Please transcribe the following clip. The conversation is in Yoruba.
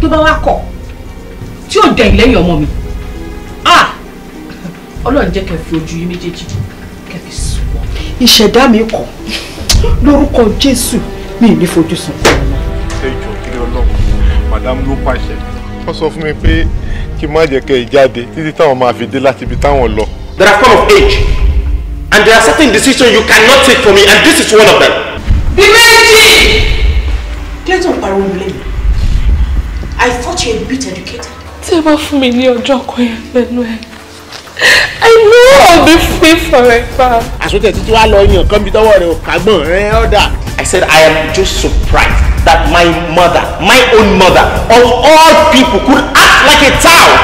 tó bá wá kọ̀ tí ò dẹ̀yìn lẹ́yìn ọmọ mi ah! ọlọ́run jẹ́ kẹ́ fi ojú yín méjèèjì kẹ́ fi sùn. ìṣẹ̀dá mi kọ lórúkọ jésù mi ì ní fojú sùn. ṣé ìjọ kiri ọlọ́run madam ló pàṣẹ wọ́n sọ fún mi pé kí n má jẹ́ kẹ́ ẹ jáde títí táwọn máa fi dé láti ibi táwọn lọ. there are come of age and there are certain decisions you cannot take from me and this is one of them. bí méjì. kí ló tó ń pariwo nílé mi. I thought you were a bit educated. Tell me bá fún mi ní ọjọ́ kan yẹn pẹ̀lú I know I'll be free forever. Àsọtẹ̀ títí wá lọ yan kan bí to rẹ̀ ò kágbọ̀n rẹ̀ I said I am just surprised that my mother, my own mother, of all people could act like a child.